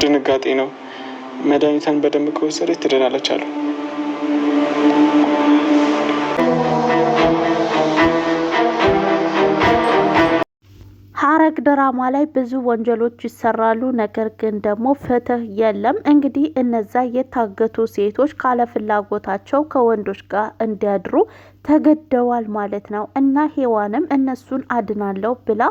ድንጋጤ ነው። መድኃኒቷን በደንብ ከወሰደች ትድናለች አሉ። ሐረግ ድራማ ላይ ብዙ ወንጀሎች ይሰራሉ፣ ነገር ግን ደግሞ ፍትህ የለም። እንግዲህ እነዛ የታገቱ ሴቶች ካለፍላጎታቸው ከወንዶች ጋር እንዲያድሩ ተገደዋል ማለት ነው እና ሔዋንም እነሱን አድናለሁ ብላ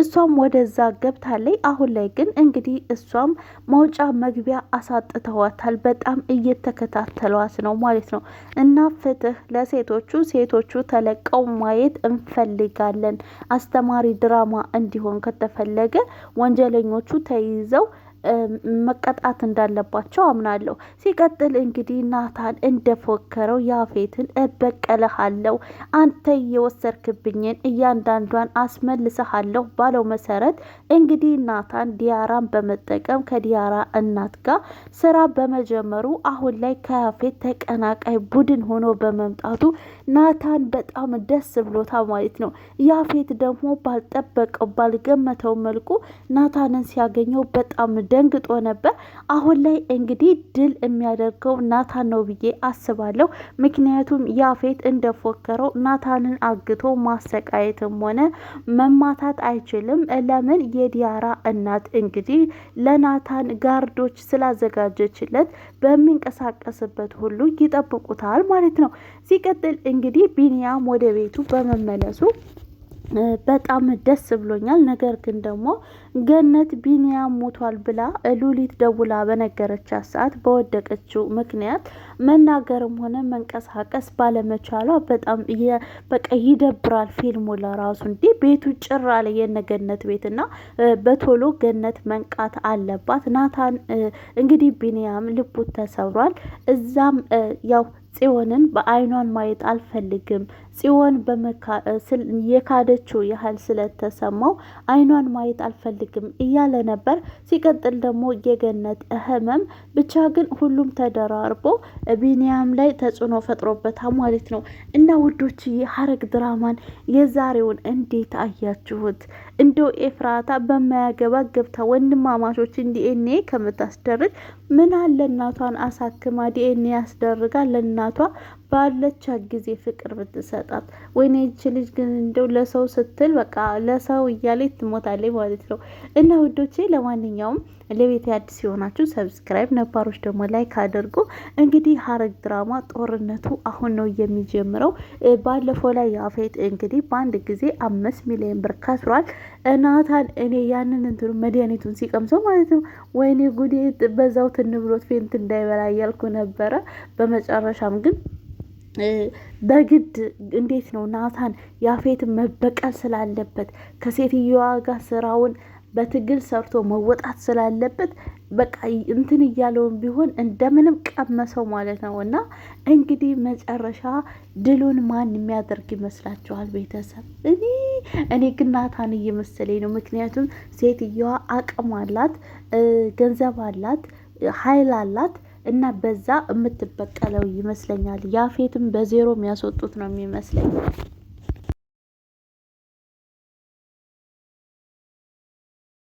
እሷም ወደዛ ገብታለች። አሁን ላይ ግን እንግዲህ እሷም መውጫ መግቢያ አሳጥተዋታል። በጣም እየተከታተሏት ነው ማለት ነው። እና ፍትህ ለሴቶቹ፣ ሴቶቹ ተለቀው ማየት እንፈልጋለን። አስተማሪ ድራማ እንዲሆን ከተፈለገ ወንጀለኞቹ ተይዘው መቀጣት እንዳለባቸው አምናለሁ። ሲቀጥል እንግዲህ ናታን እንደፎከረው ያፌትን እበቀልሃለሁ፣ አንተ የወሰድክብኝን እያንዳንዷን አስመልሰሃለሁ ባለው መሰረት እንግዲህ ናታን ዲያራን በመጠቀም ከዲያራ እናት ጋር ስራ በመጀመሩ አሁን ላይ ከያፌት ተቀናቃይ ቡድን ሆኖ በመምጣቱ ናታን በጣም ደስ ብሎታ ማለት ነው። ያፌት ደግሞ ባልጠበቀው ባልገመተው መልኩ ናታንን ሲያገኘው በጣም ደንግጦ ነበር። አሁን ላይ እንግዲህ ድል የሚያደርገው ናታን ነው ብዬ አስባለሁ። ምክንያቱም ያፌት እንደፎከረው ናታንን አግቶ ማሰቃየትም ሆነ መማታት አይችልም። ለምን የዲያራ እናት እንግዲህ ለናታን ጋርዶች ስላዘጋጀችለት በሚንቀሳቀስበት ሁሉ ይጠብቁታል ማለት ነው። ሲቀጥል እንግዲህ ቢንያም ወደ ቤቱ በመመለሱ በጣም ደስ ብሎኛል። ነገር ግን ደግሞ ገነት ቢኒያም ሞቷል ብላ ሉሊት ደውላ በነገረቻት ሰዓት በወደቀችው ምክንያት መናገርም ሆነ መንቀሳቀስ ባለመቻሏ በጣም በቃ ይደብራል። ፊልሙ ለራሱ እንዲህ ቤቱ ጭር አለ የነገነት ቤትና በቶሎ ገነት መንቃት አለባት። ናታን እንግዲህ ቢኒያም ልቡ ተሰብሯል። እዛም ያው ጽዮንን በአይኗን ማየት አልፈልግም። ጽዮን የካደችው ያህል ስለተሰማው አይኗን ማየት አልፈልግም እያለ ነበር። ሲቀጥል ደግሞ የገነት ህመም ብቻ ግን ሁሉም ተደራርቦ ቢኒያም ላይ ተጽዕኖ ፈጥሮበታል ማለት ነው። እና ውዶች ሐረግ ድራማን የዛሬውን እንዴት አያችሁት? እንደው ኤፍራታ በማያገባ ገብታ ወንድማማቾች ዲኤንኤ ከምታስደርግ ምን አለ እናቷን አሳክማ ዲኤንኤ ያስደርጋል ለና እናቷ ባለቻት ጊዜ ፍቅር ብትሰጣት። ወይኔ ይች ልጅ ግን እንደው ለሰው ስትል በቃ ለሰው እያለች ትሞታለች ማለት ነው። እና ውዶቼ ለማንኛውም ለቤት አዲስ የሆናችሁ ሰብስክራይብ፣ ነባሮች ደግሞ ላይክ አድርጉ። እንግዲህ ሐረግ ድራማ ጦርነቱ አሁን ነው የሚጀምረው። ባለፈው ላይ ያፌት እንግዲህ በአንድ ጊዜ አምስት ሚሊዮን ብር ከስሯል። ናታን እኔ ያንን እንትኑ መድኃኒቱን ሲቀምሰው ማለት ነው ወይኔ ጉዴ፣ በዛው ትንብሎት ፌንት እንዳይበላ እያልኩ ነበረ። በመጨረሻም ግን በግድ እንዴት ነው ናታን የአፌት መበቀል ስላለበት ከሴትዮዋ ጋር ስራውን በትግል ሰርቶ መወጣት ስላለበት በቃ እንትን እያለውን ቢሆን እንደምንም ቀመሰው ማለት ነው። እና እንግዲህ መጨረሻ ድሉን ማን የሚያደርግ ይመስላችኋል? ቤተሰብ እኔ እኔ ግን ናታን እየመሰለኝ ነው። ምክንያቱም ሴትዮዋ አቅም አላት፣ ገንዘብ አላት፣ ኃይል አላት። እና በዛ የምትበቀለው ይመስለኛል። ያፌትም በዜሮ የሚያስወጡት ነው የሚመስለኝ።